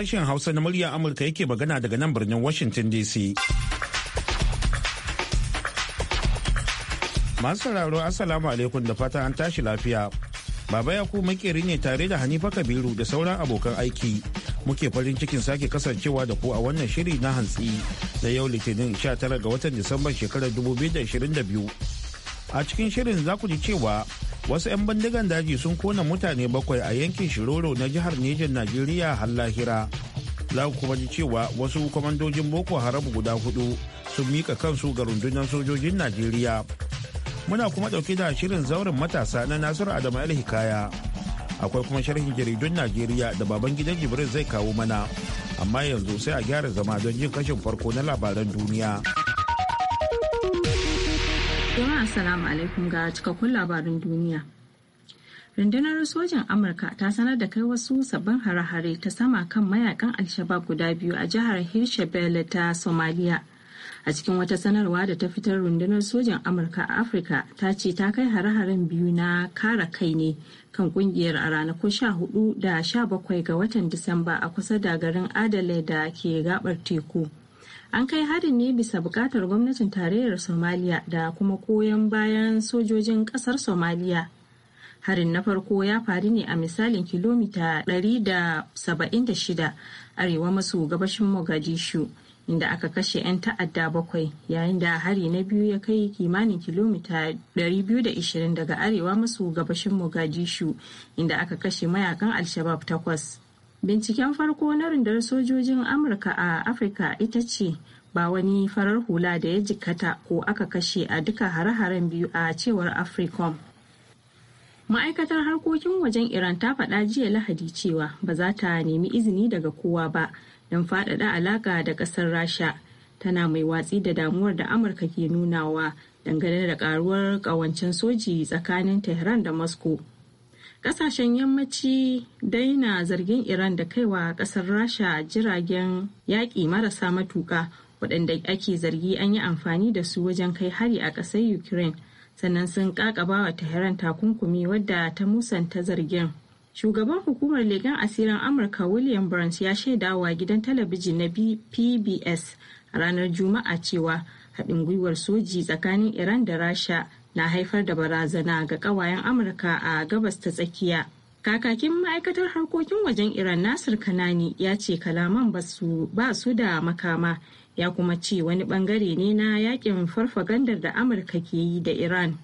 sashen Hausa na muryar Amurka yake magana daga nan birnin Washington DC. Masu sauraro Assalamu alaikum da fata an tashi lafiya. Baba yakub makeri ne tare da Hanifa Kabiru da sauran abokan aiki. Muke farin cikin sake kasancewa da ku a wannan shiri na hantsi da yau Litinin 19 ga watan Disamban shekarar 2022. a cikin shirin za ku ji cewa wasu 'yan bandigan daji sun kona mutane bakwai a yankin shiroro na jihar nijar Najeriya har lahira. Za ku kuma ji cewa wasu kwamandojin Boko Haram guda hudu sun mika kansu ga rundunar sojojin Najeriya. Muna kuma ɗauke da shirin zauren matasa na Nasiru Adamu Hikaya. Akwai kuma sharhin jaridun Najeriya da baban gidan Jibril zai kawo mana. Amma yanzu sai a gyara zama don jin kashin farko na labaran duniya. Jama'a Assalamu alaikum ga cikakkun labarin duniya. Rundunar sojin Amurka ta sanar da kai wasu sabbin hare-hare ta sama kan mayakan Alshabab guda biyu a jihar Hirshabelle ta Somalia. A cikin wata sanarwa da ta fitar rundunar sojin Amurka a Afirka ta ce ta kai hare-haren biyu na kara kai ne kan kungiyar a ranakun 14 da sha bakwai ga watan Disamba a kusa da garin Adale da ke gabar teku. an kai harin ne bisa bukatar gwamnatin tarayyar somaliya da kuma koyon bayan sojojin kasar somaliya harin na farko ya faru ne a misalin kilomita 176 arewa maso gabashin mogadishu inda aka kashe 'yan ta'adda bakwai yayin da hari na biyu ya kai kimanin kilomita 220 daga arewa maso gabashin mogadishu inda aka kashe mayakan alshabab takwas Binciken farko na rundar sojojin Amurka a Afirka ita ce ba wani farar hula da ya jikkata ko aka kashe a duka hare-haren biyu a cewar Africom. Ma'aikatar harkokin wajen Iran ta faɗa jiya Lahadi cewa ba za ta nemi izini daga kowa ba don faɗaɗa alaƙa da ƙasar Rasha. Tana mai watsi da damuwar da Amurka ke nunawa dangane da ƙaruwar ƙawancen soji tsakanin Tehran da Moscow. kasashen yammaci daina zargin iran da kaiwa kasar rasha jiragen yaƙi marasa matuƙa waɗanda ake zargi an yi amfani da su wajen kai hari a ƙasar ukraine sannan sun ƙaƙaba wa tehran takunkumi wadda ta musanta zargin shugaban hukumar legan asirin amurka william burns ya shaidawa gidan talabijin na pbs ranar juma'a cewa haɗin gwiwar soji tsakanin iran da rasha na haifar da barazana ga ƙawayen amurka a gabas ta tsakiya kakakin ma'aikatar harkokin wajen iran nasir kanani ya ce kalaman ba su da makama ya kuma ce wani bangare ne na yakin farfagandar da amurka ke yi da iran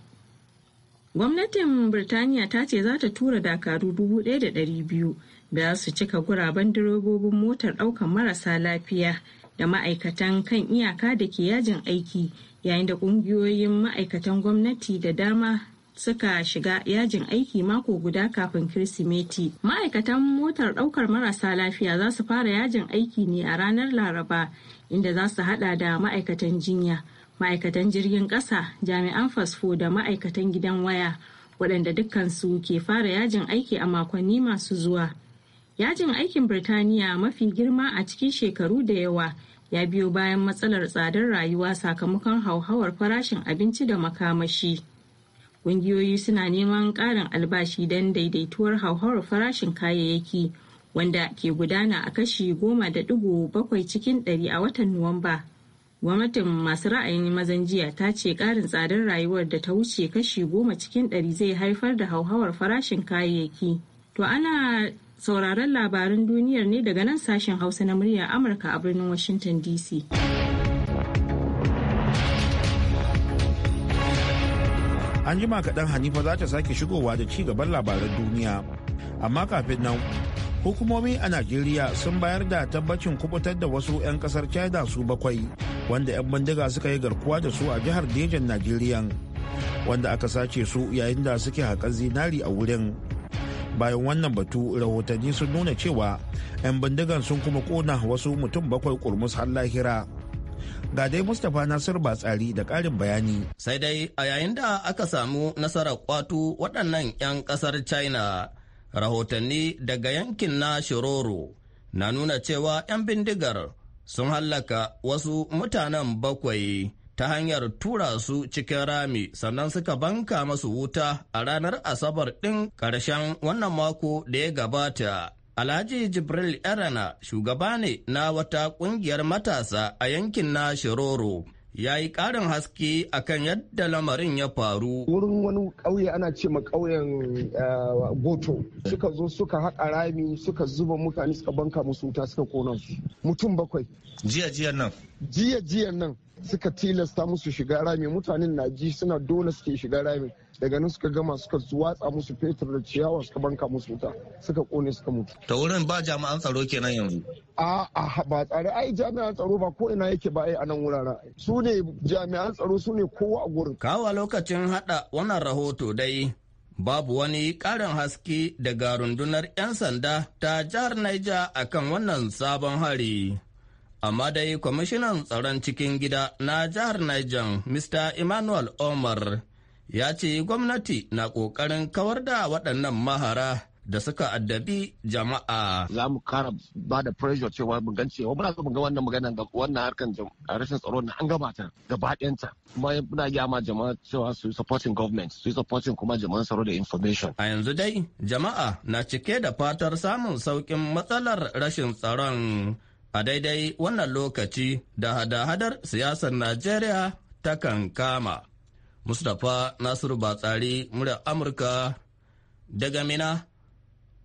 gwamnatin birtaniya ta ce za ta tura dakaru 1,200 da su cika guraben direbobin motar daukan marasa lafiya da ma'aikatan kan iyaka da ke yajin aiki yayin da ƙungiyoyin ma'aikatan gwamnati da dama suka shiga yajin aiki mako guda kafin kirsimeti ma'aikatan motar daukar marasa lafiya za su fara yajin aiki ne a ranar laraba inda za su hada da ma'aikatan jinya ma'aikatan jirgin kasa jami'an fasfo da ma'aikatan gidan waya waɗanda dukkansu ke fara yajin aiki a makonni masu zuwa yajin aikin birtaniya mafi girma a cikin shekaru da yawa ya biyo bayan matsalar tsadar rayuwa sakamakon hauhawar farashin abinci da makamashi. Ƙungiyoyi suna neman ƙarin albashi don daidaituwar hauhawar farashin kayayyaki wanda ke gudana a kashi goma da digo bakwai cikin ɗari a watan Nuwamba. Gwamnatin masu ra'ayin mazan jiya ta ce ƙarin tsadar rayuwar da ta wuce kashi goma cikin ɗari zai haifar da hauhawar farashin kayayyaki. To ana sauraron labarin duniyar ne daga nan sashen hausa na murya amurka a birnin washington dc an jima kaɗan hanifa za ta sake shigowa da ci gaban labaran duniya amma kafin nan hukumomi a najeriya sun bayar da tabbacin kubutar da wasu 'yan kasar china su bakwai wanda 'yan bindiga suka yi garkuwa da su a jihar dejan najeriya wanda aka sace su yayin da suke haƙar zinari a wurin bayan wannan batu rahotanni sun nuna cewa 'yan bindigan sun kuma kona wasu mutum bakwai kurmus har lahira ga dai mustapha nasir batsari da ƙarin bayani sai dai a yayin da aka samu nasarar kwato waɗannan 'yan ƙasar china rahotanni daga yankin na shiroro na nuna cewa 'yan bindigar sun hallaka wasu mutanen bakwai ta hanyar tura su cikin rami sannan suka banka masu wuta a ranar asabar ɗin ƙarshen wannan mako da ya gabata. Alhaji Jibril Erana shugaba ne na wata ƙungiyar matasa a yankin na Shiroro ya yi ƙarin haske akan yadda lamarin ya faru. Wurin wani ƙauye ana ce ma ƙauyen eh, Goto. Suka zo suka haƙa rami suka zuba mutane suka banka musu wuta suka kona su. Mutum bakwai. Jiya jiya nan. Jiya jiya nan suka tilasta musu shiga rami mutanen na ji suna dole suke shiga rami. daga nan suka gama suka watsa musu fetur da ciyawa suka banka musu wuta suka kone suka mutu ta wurin ba jami'an tsaro kenan yanzu a a ba tsare ai jami'an tsaro ba ko ina yake ba ai a nan wuraren su ne jami'an tsaro su ne kowa a gurin Kawa lokacin haɗa wannan rahoto dai babu wani ƙarin haske daga rundunar 'yan sanda ta jihar Niger akan wannan sabon hari. Amma dai kwamishinan tsaron cikin gida na jihar Niger, Mr. Emmanuel Omar, ya ce gwamnati na ƙoƙarin kawar da waɗannan mahara da suka addabi jama'a. Za mu kara ba da pressure cewa mu gan cewa muna so mu ga wannan maganar ga wannan harkar rashin tsaro na an gabata da gaba ɗayanta. Kuma muna yi ma jama'a cewa su supporting government su supporting kuma jama'an tsaro da information. A yanzu dai jama'a na cike da fatar samun sauƙin matsalar rashin tsaron a daidai wannan lokaci da hada-hadar siyasar Najeriya ta kan kama. Mustapha Nasiru Batsari murya Amurka daga Mina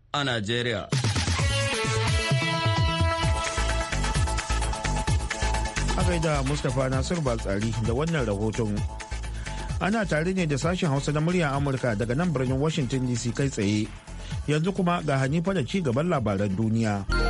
a Najeriya. akai da Mustapha Nasiru Batsari da wannan rahoton. Ana tare ne da sashen Hausa na murya Amurka daga nan birnin Washington DC kai tsaye. Yanzu kuma ga Hanifa da ci gaban labaran duniya.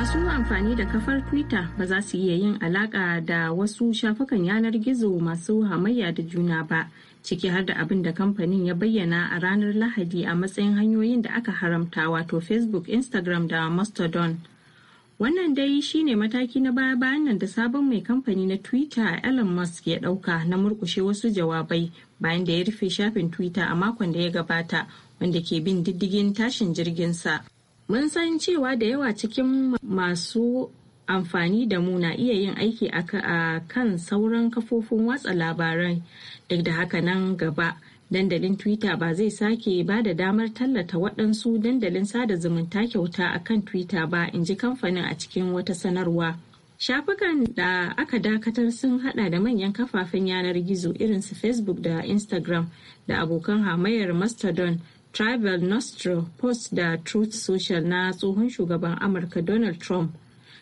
masu amfani da kafar twitter ba za su iya yin alaka da wasu shafukan yanar gizo masu hamayya da juna ba ciki har da abin da kamfanin ya bayyana a ranar lahadi a matsayin hanyoyin da aka haramta wato facebook instagram da mastodon wannan dai shine mataki na baya bayan nan da sabon mai kamfani na twitter elon musk ya dauka na murkushe wasu jawabai bayan da ya rufe shafin twitter a makon da ya gabata wanda ke bin diddigin tashin jirgin sa. Mun san cewa da yawa cikin masu amfani da mu na iya yin aiki a kan sauran kafofin watsa labarai duk da haka nan gaba dandalin twitter ba zai sake ba da damar tallata waɗansu dandalin sada zumunta kyauta a kan twitter ba in ji kamfanin a cikin wata sanarwa shafukan da aka dakatar sun hada da manyan kafafen yanar gizo irin su facebook da instagram da abokan hamayar mastodon Travel Nostro Post da Truth Social na tsohon shugaban Amurka Donald Trump.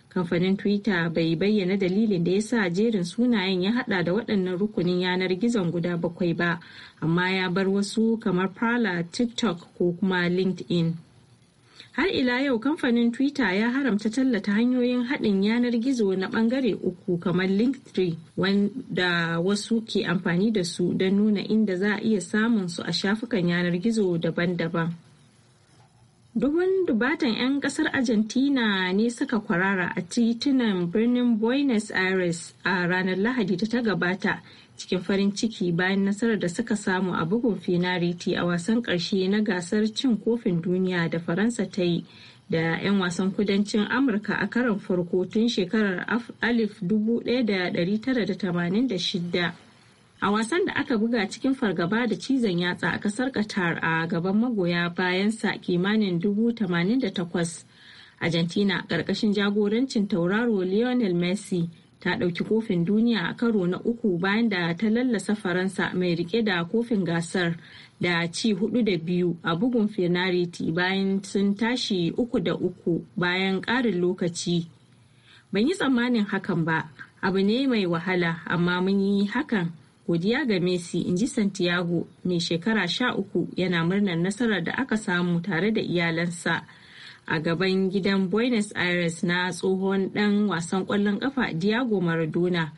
Kamfanin Twitter bai bayyana dalilin da ya sa jerin sunayen ya hada da waɗannan rukunin yanar gizon guda bakwai ba, amma ya bar wasu kamar Parler, TikTok ko kuma LinkedIn. har ila yau kamfanin twitter ya haramta tallata hanyoyin haɗin yanar gizo na ɓangare uku kamar linktree wanda wasu ke amfani da su don nuna inda za a iya samun su a shafukan yanar gizo daban-daban Dubun dubatan 'yan kasar Argentina ne suka kwarara a titunan birnin Buenos Aires a ranar Lahadi ta ta gabata cikin farin ciki bayan nasarar da suka samu a bugun finariti a wasan ƙarshe na gasar cin kofin duniya da faransa ta yi da 'yan wasan kudancin amurka a karon farko tun shekarar 1986 a wasan da aka buga cikin fargaba da cizon yatsa a kasar qatar a gaban magoya bayan sa kimanin 88 argentina ƙarƙashin jagorancin tauraro lionel messi ta ɗauki kofin duniya a karo na uku bayan da ta lallasa faransa mai rike da kofin gasar da ci hudu da biyu a bugun fenariti bayan sun tashi uku da uku bayan ƙarin lokaci ban yi tsammanin hakan ba abu ne mai wahala amma mun yi hakan godiya ga messi inji santiago mai shekara sha uku yana murnar nasarar da aka samu tare da iyalansa a gaban gidan Buenos Aires na tsohon dan wasan kwallon kafa Diego Maradona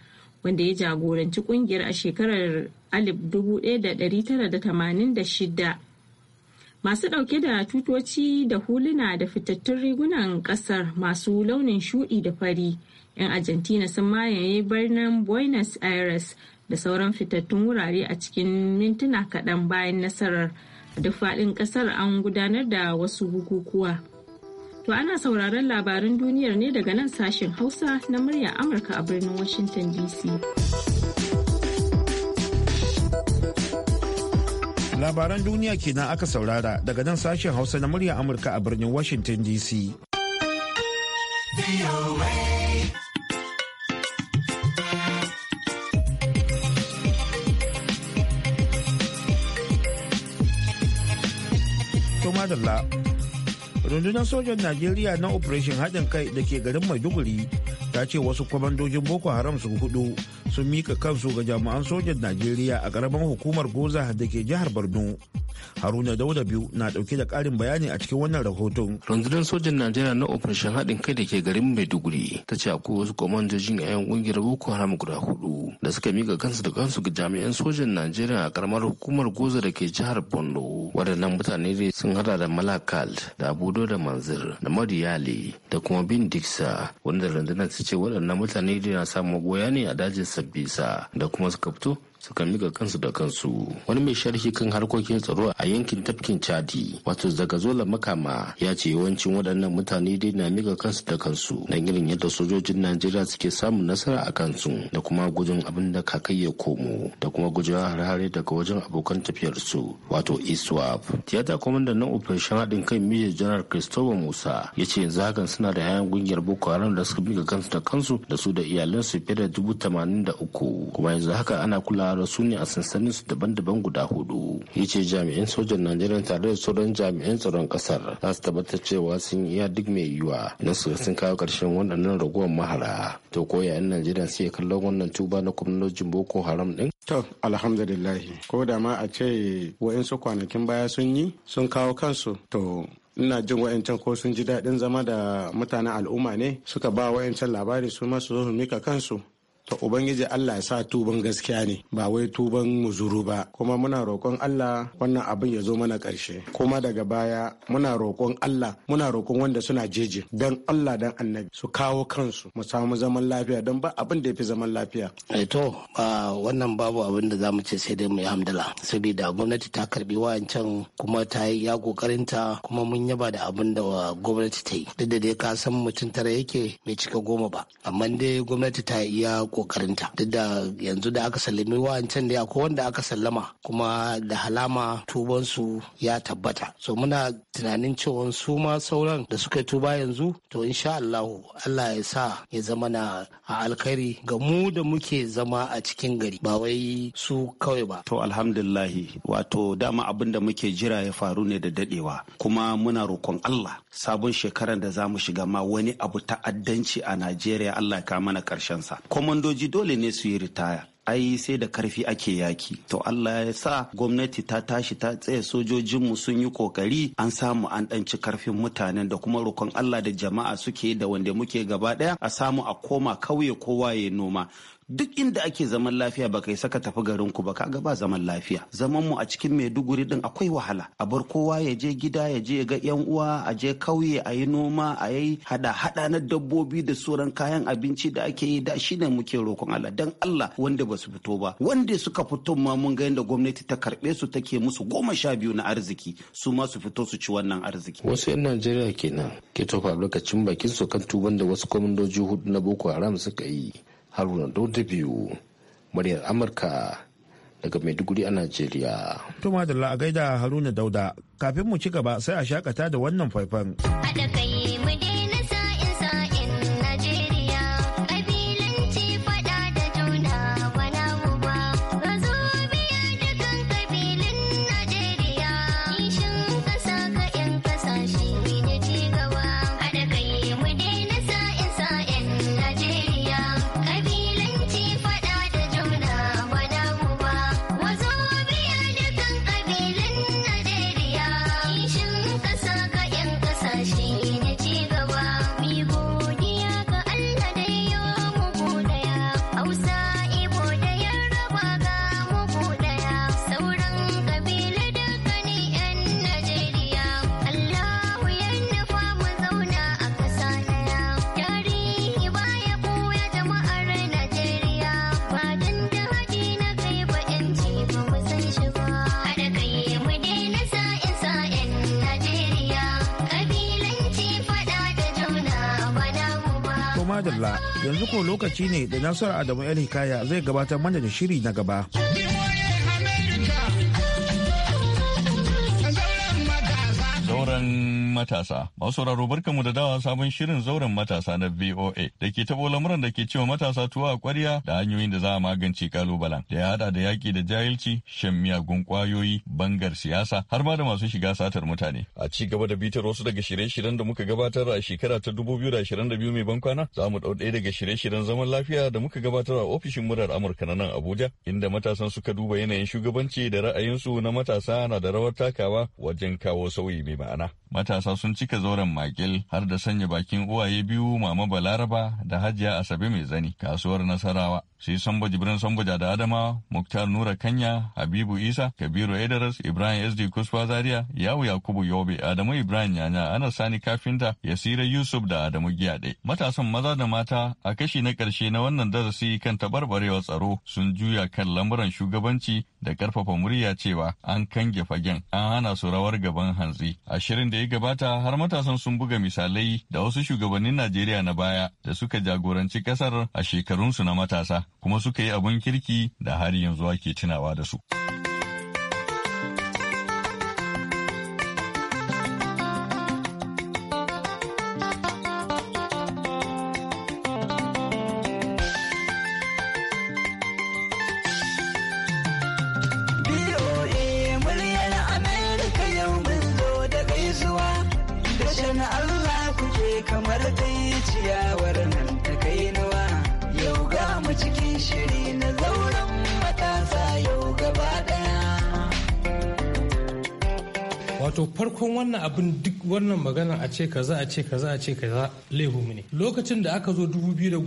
wanda ya jagoranci kungiyar a shekarar 1986. Masu dauke da tutoci da huluna da fitattun rigunan kasar masu launin shuɗi da fari, 'yan Argentina sun mayaye birnin Buenos Aires da sauran fitattun wurare a cikin mintuna kaɗan bayan nasarar. da faɗin ƙasar an gudanar da wasu bukukuwa. To ana sauraron labarin duniyar ne daga nan sashen Hausa na murya Amurka a birnin Washington DC. Labaran duniya kenan aka saurara daga nan sashen Hausa na murya Amurka a birnin Washington DC. To madalla rundunar sojan najeriya na operation haɗin kai da ke garin maiduguri ta ce wasu kwamandojin boko haram su hudu sun mika kansu ga jami'an sojan najeriya a ƙaramin hukumar goza da ke jihar borno Haruna Dauda biyu na dauke da karin bayani a cikin wannan rahoton. Rundunar sojan Najeriya na operation haɗin kai da ke garin Maiduguri ta ce akwai wasu kwamandojin a yan kungiyar Boko Haram guda hudu da suka miƙa kansu da kansu ga jami'an sojan Najeriya a karamar hukumar Goza da ke jihar bondo Waɗannan mutane dai sun hada da Malakal da Abudo da Manzir da mariyali da kuma Bin Diksa wanda rundunar ta ce waɗannan mutane dai na samun goya ne a dajin Sabbisa da kuma suka fito suka miga kansu da kansu wani mai sharhi kan harkokin tsaro a yankin tafkin chadi wato zagazola makama ya ce yawancin waɗannan mutane dai na miga kansu da kansu na irin yadda sojojin najeriya suke samun nasara a kansu da kuma gujin abin da kakai ya komo da kuma gujin hare daga wajen abokan tafiyar su. wato iswap e tiyata kwamandan na operation haɗin kan mijin janar christopher musa ya ce yanzu hakan suna da hayan gungiyar boko haram da suka miga kansu da kansu da su da iyalansu fiye da dubu tamanin da uku kuma yanzu haka ana kula suka su ne a sansanin su daban-daban guda hudu ya ce jami'an sojan najeriya tare da sauran jami'an tsaron kasar za su tabbatar cewa sun iya duk mai yiwuwa na su sun kawo karshen waɗannan raguwar mahara to ko yayan najeriya suke kallon wannan tuba na gwamnatin boko haram din to alhamdulillah ko da ma a ce wa'insu kwanakin baya sun yi sun kawo kansu to ina jin wa'ancan ko sun ji daɗin zama da mutanen al'umma ne suka ba wa'ancan labari su ma su zo su mika kansu to ubangiji Allah ya sa tuban gaskiya ne ba wai tuban muzuru ba kuma muna roƙon Allah wannan abin ya zo mana ƙarshe kuma daga baya muna roƙon Allah muna roƙon wanda suna jeje dan Allah dan annabi su kawo kansu mu samu zaman lafiya dan ba abin da ya zaman lafiya. Eh to wannan babu abin da zamu ce sai dai mu yi hamdala saboda gwamnati ta karbi wayancan kuma ta yi ya kokarinta kuma mun yaba da abin da gwamnati ta yi duk da dai ka san mutum tara yake mai cika goma ba amma dai gwamnati ta yi ya kokarinta duk da yanzu da aka sallami wa'ancan da akwai wanda aka sallama kuma da halama tubansu ya tabbata so muna tunanin cewa su ma sauran da suka tuba yanzu to insha allahu Allah ya sa ya zama na a alkhairi ga mu da muke zama a cikin gari ba wai su kawai ba to alhamdulillahi wato dama abin da muke jira ya faru ne da dadewa kuma muna roƙon Allah sabon shekaran da za shiga ma wani abu ta'addanci a Najeriya Allah ya kawo mana karshen sa common kwamandoji dole ne su yi ritaya ai sai da karfi ake yaki to Allah ya sa gwamnati ta tashi ta tsaye mu sun yi kokari an samu an ɗanci karfin mutanen da kuma rokon Allah da jama'a suke da wanda muke gaba ɗaya a samu a koma kauye kowa ya noma duk inda ake zaman lafiya ba kai saka tafi garin ku ba kaga ba zaman lafiya zaman mu a cikin Maiduguri din akwai wahala a bar kowa ya je gida ya je ga yan uwa a je kauye a yi noma a yi hada hada na dabbobi da sauran kayan abinci da ake yi da shine muke roƙon Allah dan Allah wanda ba su fito ba wanda suka fito ma mun ga yadda gwamnati ta karbe su take musu goma sha biyu na arziki su ma su fito su ci wannan arziki wasu 'yan najeriya kenan ke tofa lokacin bakin su kan tuban da wasu kwamandoji hudu na boko haram suka yi haruna dauda biyu muryar amurka daga maiduguri a najeriya tuma da a gaida haruna dauda kafin mu ci gaba sai a shakata da wannan faifan haɗa kai mu dai Allah Yanzu ko lokaci ne da Nasiru Adamu El Hikaya zai gabatar mana da shiri na gaba. Sauran matasa. Masu barka mu da dawa sabon shirin zauren matasa na VOA da ke taɓo lamuran da ke cewa matasa tuwa a kwarya da hanyoyin da za a magance kalubalen da ya haɗa da yaƙi da jahilci, shan miyagun ƙwayoyi, bangar siyasa har ma da masu shiga satar mutane. A ci gaba da bitar wasu daga shirye-shiryen da muka gabatar a shekara ta biyu mai bankwana za mu ɗau ɗaya daga shirye-shiryen zaman lafiya da muka gabatar a ofishin murar Amurka na nan Abuja inda matasan suka duba yanayin shugabanci da ra'ayinsu na matasa na da rawar takawa wajen kawo sauyi mai ma'ana. Matasa matasa sun cika zauren makil har da sanya bakin uwaye biyu mama balaraba da hajiya asabe mai zani kasuwar nasarawa sai Sambo Jibrin Sambo da Adama, Muktar Nura Kanya, Habibu Isa, Kabiru Edaras, Ibrahim SD Kusfa Zaria, Yawu Yakubu Yobe, Adamu Ibrahim Yanya, Ana Sani Kafinta, Yasira Yusuf da Adamu Giyade. Matasan maza da mata a kashi na ƙarshe na wannan darasi kan tabarbarewar tsaro sun juya kan lamuran shugabanci da ƙarfafa murya cewa an kange fagen an hana su rawar gaban hanzi A shirin da ya gabata har matasan sun buga misalai da wasu shugabannin Najeriya na baya da suka jagoranci ƙasar a shekarunsu na matasa. kuma suka yi abin kirki da har yanzu ake tunawa da su. wato farkon wannan abin duk wannan magana a ce kaza a ce kaza a ce kaza laifinmu ne lokacin da aka zo biyar,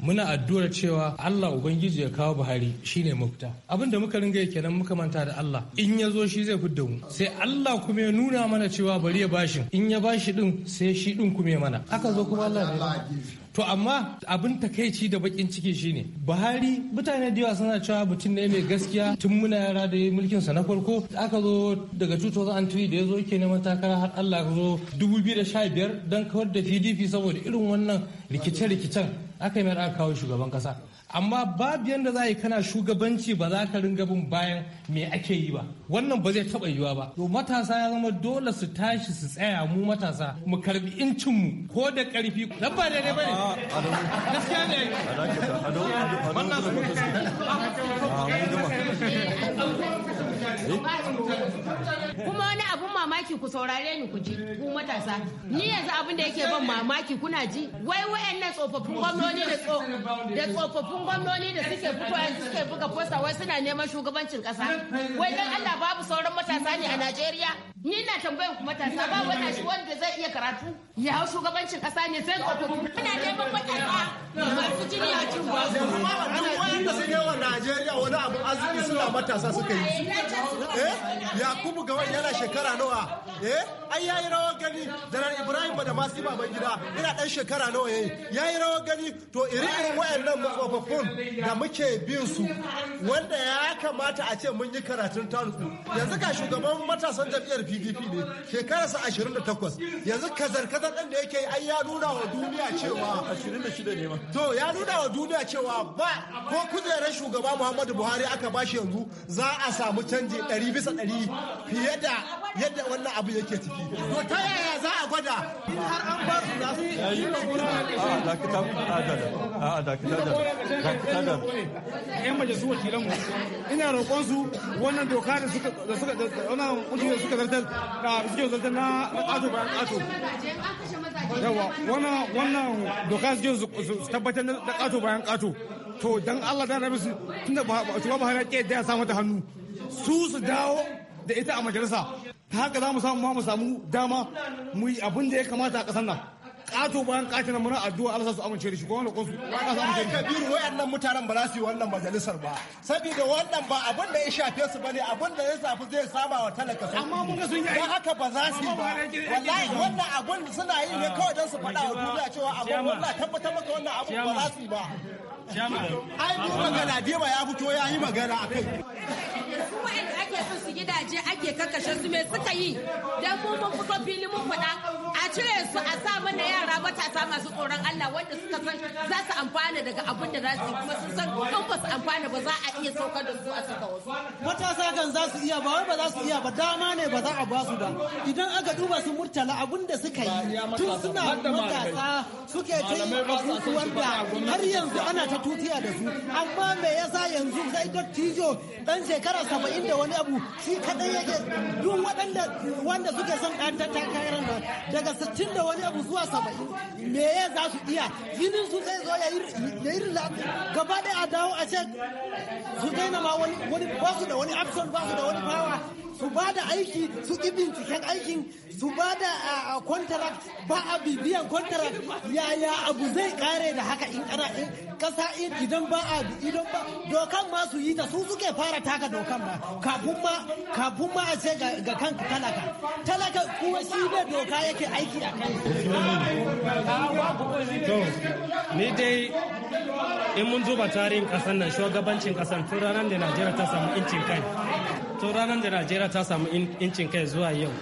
muna addu'ar cewa Allah ubangiji ya kawo Buhari shine mafita abin da muka ringa kenan muka manta da Allah in ya zo shi zai fidda mu sai Allah kuma ya nuna mana cewa bari ya bashin in ya bashi din sai shi din kuma mana aka zo kuma Allah ne to amma abin takaici da bakin ciki shine buhari mutane da yawa suna cewa mutum ne mai gaskiya tun muna yara da ya mulkin sa na farko aka zo daga 2003 da ya zo yake neman takara har allah ka zo 2015 dan kawar da pdp saboda irin wannan rikice-rikicen aka yi mai aka kawo shugaban kasa amma babu yadda za a yi kana shugabanci ba za ka ringa bin bayan me ake yi ba wannan ba zai taɓa yiwa ba to matasa ya zama dole su tashi su tsaya mu matasa mu karbi incin mu ko da ƙarfi dan ba daidai bane gaskiya ne wannan kuma wani abun mamaki ku saurare ni ku ji ku matasa ni yanzu abin da yake ban mamaki kuna ji wai wayannan tsofaffin gwamnoni da tsofaffin gwamnoni da suke fitowa suke buga posta wai suna neman shugabancin kasa wai dan Allah babu sauran matasa ne a Najeriya ni na tambayan ku matasa Babu wani wanda zai iya karatu ya hau shugabancin kasa ne sai ka kuma ana neman matasa su jini a cikin ba su kuma ana wanda sai yawa Najeriya wani abun arziki suna matasa suka yi eh Yakubu ga wani yana shekara nawa eh ai yayi rawar gani da Ibrahim ba da masu baban gida ina dan shekara nawa yayi yayi rawar gani to iri irin wayannan tsofaffin da muke bin su wanda ya kamata a ce mun yi karatun taruku yanzu ga shugaban matasan jam'iyyar PDP ne shekararsa 28 yanzu kazar kazar matsar da yake ai ya nuna wa duniya cewa 26 ne ma to ya nuna wa duniya cewa ba ko kujerar shugaba Muhammadu Buhari aka bashi yanzu za a samu canji 100 bisa 100 fiye da yadda wannan abu yake ciki to ta yaya za a gwada in har an ba su za su yi a dakita da a dakita da dakita da ƴan majalisu wakilan mu ina roƙon su wannan doka da suka da suka da wannan kujerar suka zartar da suke zartar na ƙato ba ƙato yawa wannan doka su je su tabbatar da kato bayan kato to dan Allah da rabi su tunda shugaba Buhari ke da ya hannu su su dawo da ita a majalisa ta haka za mu samu ma mu samu dama mu yi abin da ya kamata a kasar nan kato bayan kato na muna addu'a Allah su amince da shi ko wanda kunsu ba ka amince da kabiru wayannan mutanen ba za su yi wannan majalisar ba saboda wannan ba abin da ya shafe su bane abin da ya shafi zai saba wa talaka su amma mun ga sun yi haka ba za su yi ba wallahi wannan abin suna yi ne kawai don su faɗa wa duniya cewa abu wallahi tabbatar maka wannan abu ba za su yi ba ai mu magana ba ya fito ya yi magana akai su wa'anda ake son su gidaje ake kakashe su me suka yi dan mu mun fito fili mun faɗa a cire su a sa mana yara matasa masu tsoron Allah wanda suka san za su amfana daga abin da za su yi kuma sun san kan ba su amfana ba za a iya saukar da su a saka wasu matasa kan za su iya ba wai ba za su iya ba dama ne ba za a ba su ba idan aka duba su murtala abin da suka yi tun suna matasa suke ta yi abubuwan da har yanzu ana ta tutiya da su amma me yasa yanzu sai dattijo dan shekara saba'in da wani abu shi kadai yake duk waɗanda wanda suke son ɗan takarar nan daga 60 da wani abu zuwa 70 me ya za su iya jinin su zai zo ya yi rilafi gaba ɗaya a dawo a ce su daina ma wani ba su da wani option ba su da wani power ba da aiki su ki binciken aikin su ba da contract ba a bibiyan contract yaya abu zai kare da haka in ana in kasa idan ba a idan ba dokan ma su yi ta su suke fara taka dokan ma kafin ma kafin ma a ce ga kan talaka talaka kuma shi ne doka yake aiki a kai ni dai in mun zuba tarihin kasan nan shugabancin kasan tun ranar da najeriya ta samu incin kai tun ranar da najeriya ta samu incin kai zuwa yau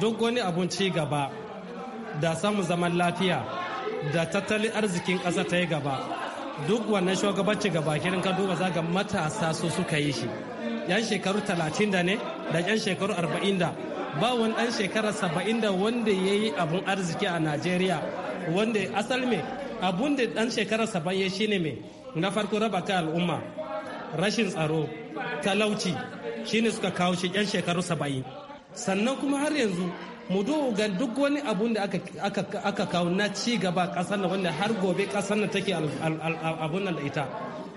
duk wani abun ci gaba da samun zaman lafiya da tattalin arzikin ƙasa ta yi gaba duk wannan shugabanci gaba kirin ka duba zaga matasa su suka yi shi yan shekaru talatin da ne da yan shekaru arba'in da ba wani ɗan shekara saba'in da wanda ya yi abun arziki a najeriya wanda asal me abun da ɗan shekara saba'in ya shine me na farko raba ka al'umma rashin tsaro talauci shine suka kawo shi yan shekaru saba'in sannan kuma har yanzu mu ga duk wani abun da aka kawo na ci gaba kasar wanda har gobe kasar na take abun nan da ita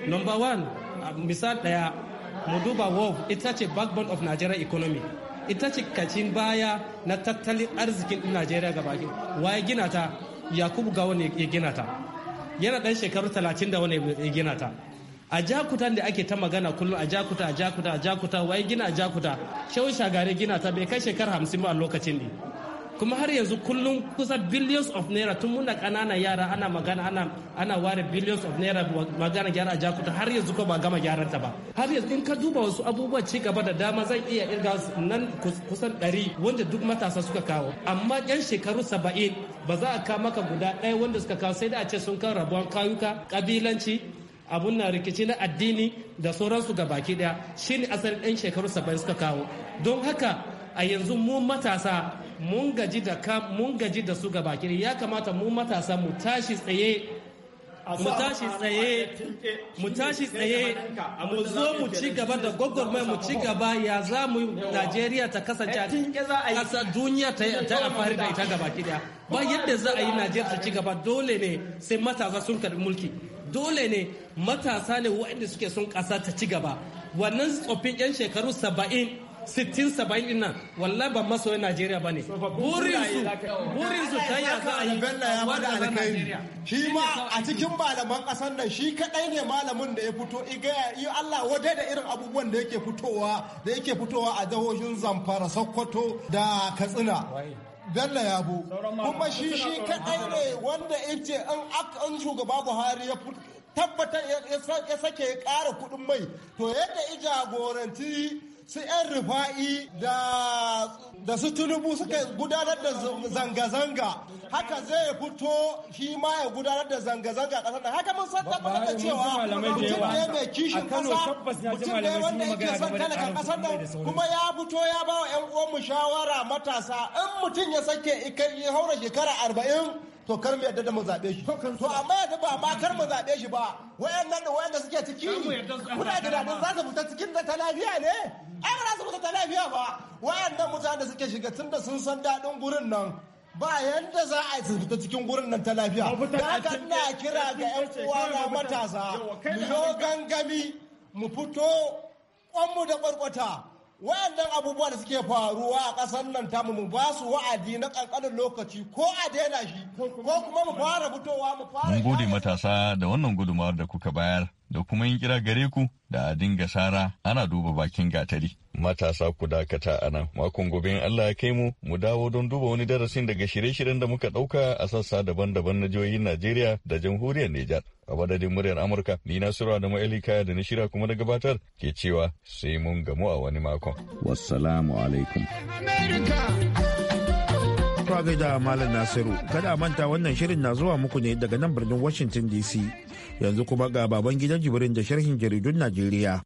number one misal daya mu duba wolf ita ce backbone of nigeria economy ita ce kacin baya na tattalin arzikin nigeria gabaki waye gina ta yakubu gawo ne ya gina ta yana dan shekaru talatin da wani ya gina ta a jakutan da ake ta magana kullum a jakuta a jakuta a jakuta wai gina a jakuta shehu shagari gina ta bai kai shekar hamsin ba a lokacin ne kuma har yanzu kullum kusa billions of naira tun muna ƙananan yara ana magana ana ana ware billions of naira magana gyara a jakuta har yanzu ko ba gama gyaran ta ba har yanzu in ka duba wasu abubuwan ci gaba da dama zan iya irga nan kusan ɗari wanda duk matasa suka kawo amma yan shekaru saba'in ba za a kawo maka guda ɗaya wanda suka kawo sai da a ce sun kawo rabuwan kayuka kabilanci. abun na rikici na addini da sauransu ga baki daya shine asalin ɗan shekaru saba'in suka kawo don haka a yanzu mu matasa mun gaji da mun gaji da su ga baki ya kamata mu matasa mu tashi tsaye mu tashi tsaye mu tashi tsaye mu zo mu ci gaba da mai mu ci gaba ya za mu Najeriya ta kasance a kasa duniya ta ta afari da ita ga baki daya ba yadda za a yi Najeriya ta ci gaba dole ne sai matasa sun karbi mulki dole ne matasa ne waɗanda suke son ƙasa ta ci gaba wannan tsoffin 'yan shekaru saba'in sittin saba'in ɗin nan wallahi ba masoyin najeriya ba ne burinsu burinsu ta yi za yi wanda shi ma a cikin malaman ƙasar nan shi kaɗai ne malamin da ya fito igaya yi allah waje da irin abubuwan da yake fitowa fitowa a jihohin zamfara sokoto da katsina Bello bo kuma shi shi kadai ne wanda in ce an shugaba Buhari ya tabbatar ya sake ya kara kuɗin mai to yadda i jagoranci su 'yan rufa'i da su tunubu suka gudanar da zanga-zanga haka zai fito shi ma ya gudanar da zanga-zanga a ƙasar haka mun san tabbatar da cewa mutum ne mai kishin ƙasa mutum ne wanda yake son talaka ƙasar nan kuma ya fito ya ba wa 'yan uwanmu shawara matasa in mutum ya sake ya haura shekara arba'in to kar mu yadda da mu zaɓe shi to amma yadda ba ma kar mu zaɓe shi ba wayannan da wayanda suke ciki kuna da dadin za su fita cikin da ta lafiya ne ai ba za su fita ta lafiya ba wayannan mutanen da suke shiga tunda sun san dadin gurin nan ba yadda za a yi fita cikin gurin nan ta lafiya da haka ina kira ga yan na matasa mu yo gangami mu fito kwanmu da barkwata. wa'annan abubuwa da suke faruwa a ƙasar nan tamu mu ba su wa'adi na ƙanƙanin lokaci ko a daina shi ko kuma mu fara fitowa mu fara mun gode matasa da wannan gudumar da kuka bayar da kuma yin kira gare ku da a dinga sara ana duba bakin gatari matasa ku dakata a nan makon gobe in Allah ya kai mu mu dawo don duba wani darasin daga shirye-shiryen da muka ɗauka a sassa daban-daban na jihohin Najeriya da jamhuriyar Nijar. A madadin muryar Amurka, ni na sura da ma'ali kaya da nishira kuma da gabatar ke cewa sai mun gamu a wani makon. Wassalamu alaikum. Kwa da Malam Nasiru, kada a manta wannan shirin na zuwa muku ne daga nan birnin Washington DC. Yanzu kuma ga baban gidan jibirin da sharhin jaridun Najeriya.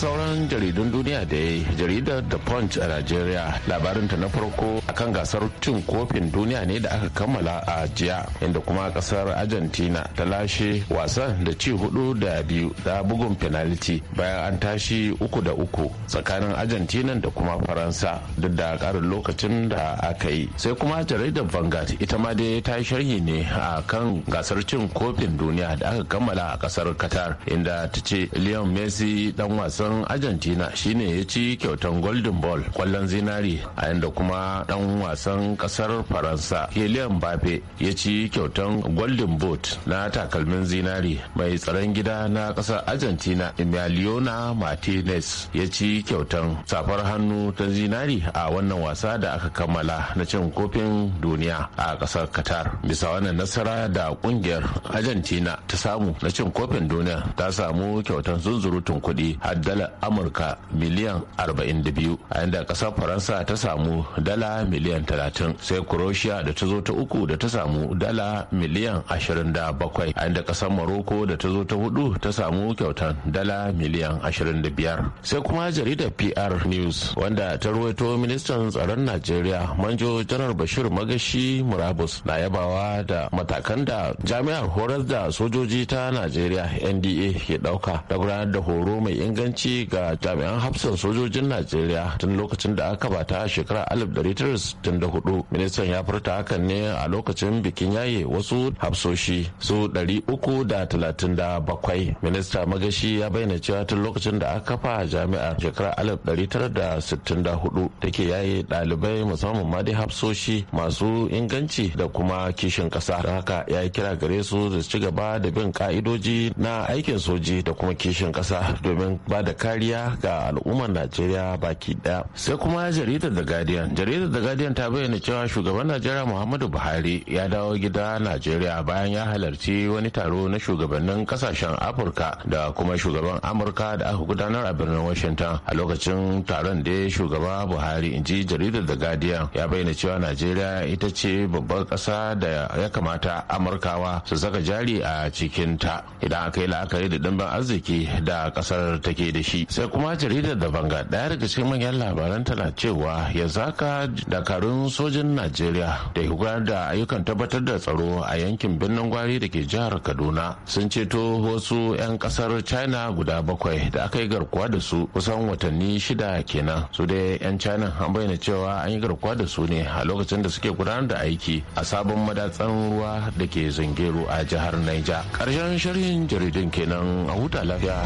sauran jaridun duniya da ya jaridar The Punch a Najeriya labarinta na farko akan gasar cin kofin duniya ne da aka kammala a jiya inda kuma kasar Argentina ta lashe wasan da ci hudu da biyu da bugun penalty bayan an tashi uku da uku tsakanin Argentina da kuma Faransa duk da karin lokacin da aka yi. Sai kuma jaridar Vanguard ita ma dai ta yi sharhi ne a kan gasar cin kofin duniya da aka kammala a kasar Qatar inda ta ce Lionel Messi dan wasan dan argentina shine ya ci kyautan golden ball kwallon zinari a yanda kuma dan wasan kasar faransa kylian mbappe ya ci kyautan golden boot na takalmin zinari mai tsaron gida na kasar argentina emiliona martinez ya ci kyautan safar hannu ta zinari a wannan wasa da aka kammala na cin kofin duniya a kasar qatar bisa wannan nasara da kungiyar argentina ta samu na cin kofin duniya ta samu kyautan zunzurutun kuɗi har dalar amurka miliyan 42 a yadda kasar faransa ta samu dala miliyan 30 sai croatia da ta zo ta uku da ta samu dala miliyan 27 a yadda kasar morocco da ta zo ta hudu ta samu kyautan dala miliyan 25 sai kuma jaridar pr news wanda ta ruwaito ministan tsaron najeriya manjo janar bashir magashi murabus na yabawa da matakan da jami'ar horar da sojoji ta najeriya nda ke dauka da gudanar da horo mai inganci ci ga jami'an hafsan sojojin najeriya tun lokacin da aka bata a shekarar 1964 ministan ya furta hakan ne a lokacin bikin yaye wasu hafsoshi su 337 minista magashi ya bayyana cewa tun lokacin da aka kafa jami'ar shekarar 1964 da ke yaye ɗalibai musamman ma dai hafsoshi masu inganci da kuma kishin kasa don haka ya yi kira gare su da ci gaba da bin ka'idoji na aikin soji da kuma kishin kasa domin ba da da kariya ga al'ummar najeriya baki daya sai kuma jaridar da guardian jaridar da guardian ta bayyana cewa shugaban najeriya muhammadu buhari ya dawo gida najeriya bayan ya halarci wani taro na shugabannin kasashen afirka da kuma shugaban amurka da aka gudanar a birnin washington a lokacin taron da shugaba buhari in ji jaridar da guardian ya bayyana cewa najeriya ita ce babbar kasa da ya kamata amurkawa su saka jari a cikin ta idan aka yi la'akari da dimbin arziki da kasar take da da shi sai kuma jaridar da banga daya daga cikin manyan labaran tana cewa ya zaka dakarun sojin najeriya da gudanar da ayyukan tabbatar da tsaro a yankin birnin gwari da ke jihar kaduna sun ceto wasu 'yan kasar china guda bakwai da aka yi garkuwa da su kusan watanni shida kenan su dai 'yan china an bayyana cewa an yi garkuwa da su ne a lokacin da suke gudanar da aiki a sabon madatsan ruwa da ke zungeru a jihar niger. karshen sharhin jaridun kenan a huta lafiya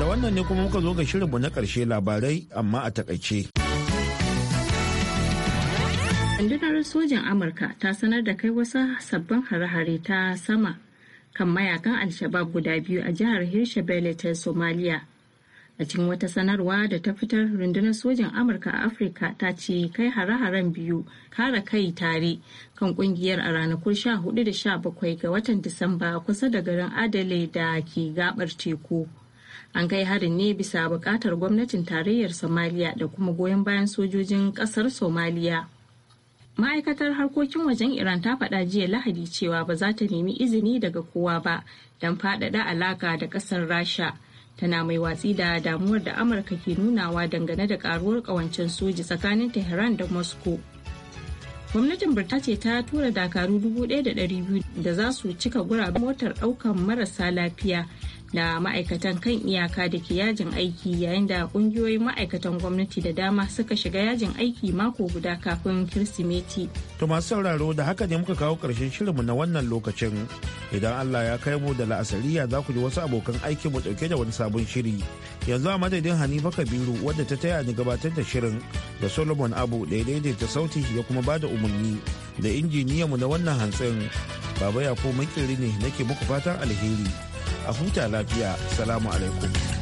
da wannan ne kuma muka zo ga shirinmu na ƙarshe labarai amma a takaice. rundunar sojin amurka ta sanar da kai wasu sabbin hare-hare ta sama kan mayakan al-shabab guda biyu a jihar hirshabelle ta somaliya a cikin wata sanarwa da ta fitar rundunar sojin amurka a afirka ta ce kai hare-haren biyu kare kai tare kan kungiyar a ranakun 14 da 17 ga watan disamba kusa da garin adale da ke gabar teku an kai harin ne bisa bukatar gwamnatin tarayyar somaliya da kuma goyon bayan sojojin kasar somaliya ma'aikatar harkokin wajen iran ta faɗa jiya lahadi cewa ba za ta nemi izini daga kowa ba don faɗaɗa alaka da ƙasar rasha tana mai watsi da damuwar da amurka ke nunawa dangane da karuwar ƙawancen soji tsakanin tehran da moscow gwamnatin birta ce ta tura dakaru 1,200 da za su cika guraben motar ɗaukan marasa lafiya na ma'aikatan kan iyaka da ke yajin aiki yayin da kungiyoyin ma'aikatan gwamnati da dama suka shiga yajin aiki mako guda kafin kirsimeti. To masu sauraro da haka ne muka kawo ƙarshen shirinmu na wannan lokacin. Idan Allah ya kai mu da la'asariya za ku ji wasu abokan aikin mu dauke da wani sabon shiri. Yanzu a madadin Hanifa Kabiru wadda ta taya ni gabatar da shirin da Solomon Abu da ta sauti ya kuma bada umarni da injiniyanmu na wannan hantsin. Baba Yakubu Makiri ne nake muku fatan alheri. a huta lafiya salamu alaikum